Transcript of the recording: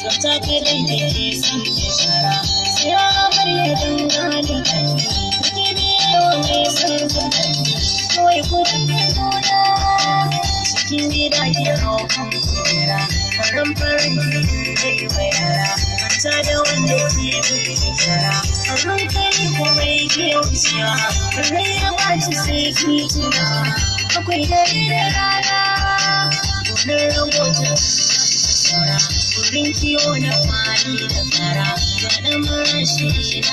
tsafta kadai da shara sai a ya dangane ke biyo mai son zuwa kawai cikin gida ya hau kan kujera karan farin zai bayara da wanda ke shara a hankali komai ke wucewa kallai ya baci sai ki akwai dare da rana abin kiwo na kwari da fara, gwanin marashi